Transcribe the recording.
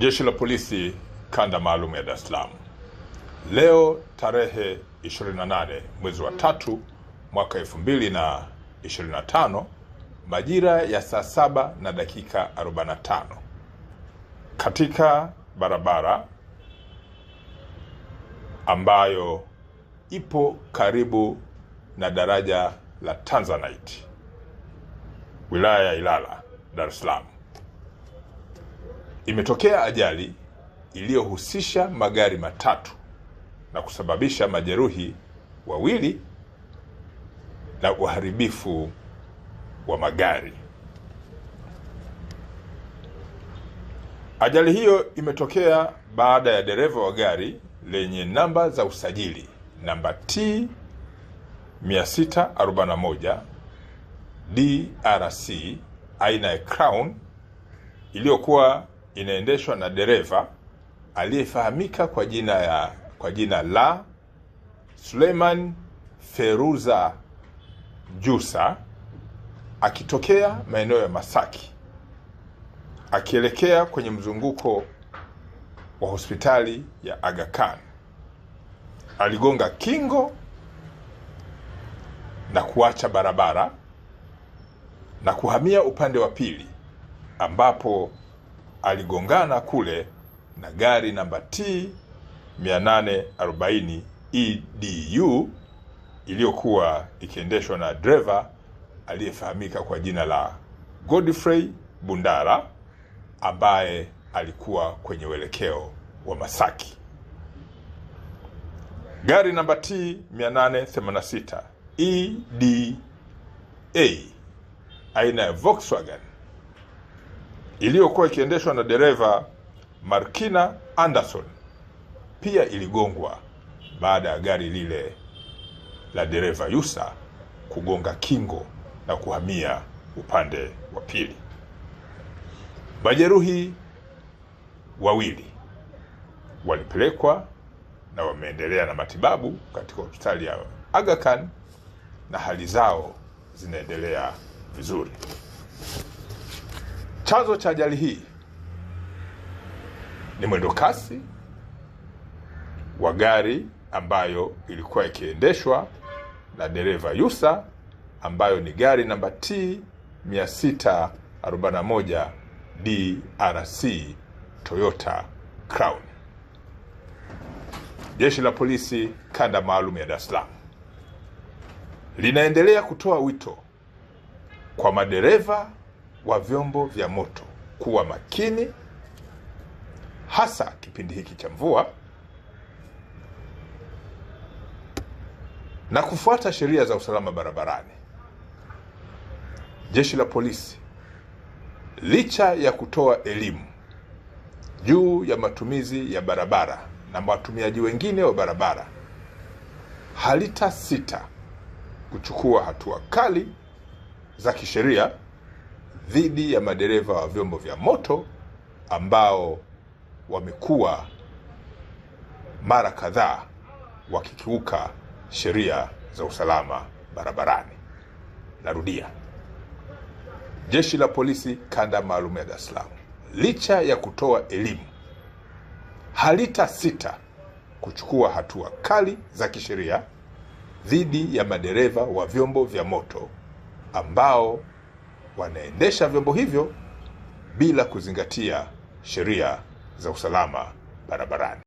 Jeshi la Polisi kanda maalum ya Dar es Salaam leo tarehe 28 mwezi wa tatu mwaka 2025 majira ya saa saba na dakika 45 katika barabara ambayo ipo karibu na daraja la Tanzanite wilaya ya Ilala, Dar es Salaam Imetokea ajali iliyohusisha magari matatu na kusababisha majeruhi wawili na uharibifu wa magari. Ajali hiyo imetokea baada ya dereva wa gari lenye namba za usajili namba T 641 DRC aina ya Crown iliyokuwa inaendeshwa na dereva aliyefahamika kwa jina ya kwa jina la Suleiman Feruza Jusa akitokea maeneo ya Masaki akielekea kwenye mzunguko wa hospitali ya Aga Khan. Aligonga kingo na kuacha barabara na kuhamia upande wa pili ambapo aligongana kule na gari namba T 840 EDU iliyokuwa ikiendeshwa na dreva aliyefahamika kwa jina la Godfrey Bundara ambaye alikuwa kwenye uelekeo wa Masaki. Gari namba T 886 EDA aina ya Volkswagen iliyokuwa ikiendeshwa na dereva Markina Anderson pia iligongwa baada ya gari lile la dereva Yusa kugonga kingo na kuhamia upande wa pili. Majeruhi wawili walipelekwa na wameendelea na matibabu katika hospitali ya Aga Khan na hali zao zinaendelea vizuri. Chanzo cha ajali hii ni mwendo kasi wa gari ambayo ilikuwa ikiendeshwa na dereva Yusa, ambayo ni gari namba T 641 DRC Toyota Crown. Jeshi la Polisi kanda maalum ya Dar es Salaam linaendelea kutoa wito kwa madereva wa vyombo vya moto kuwa makini, hasa kipindi hiki cha mvua na kufuata sheria za usalama barabarani. Jeshi la polisi licha ya kutoa elimu juu ya matumizi ya barabara na watumiaji wengine wa barabara, halita sita kuchukua hatua kali za kisheria dhidi ya madereva wa vyombo vya moto ambao wamekuwa mara kadhaa wakikiuka sheria za usalama barabarani. Narudia, jeshi la polisi kanda maalum ya Dar es Salaam, licha ya kutoa elimu, halita sita kuchukua hatua kali za kisheria dhidi ya madereva wa vyombo vya moto ambao wanaendesha vyombo hivyo bila kuzingatia sheria za usalama barabarani.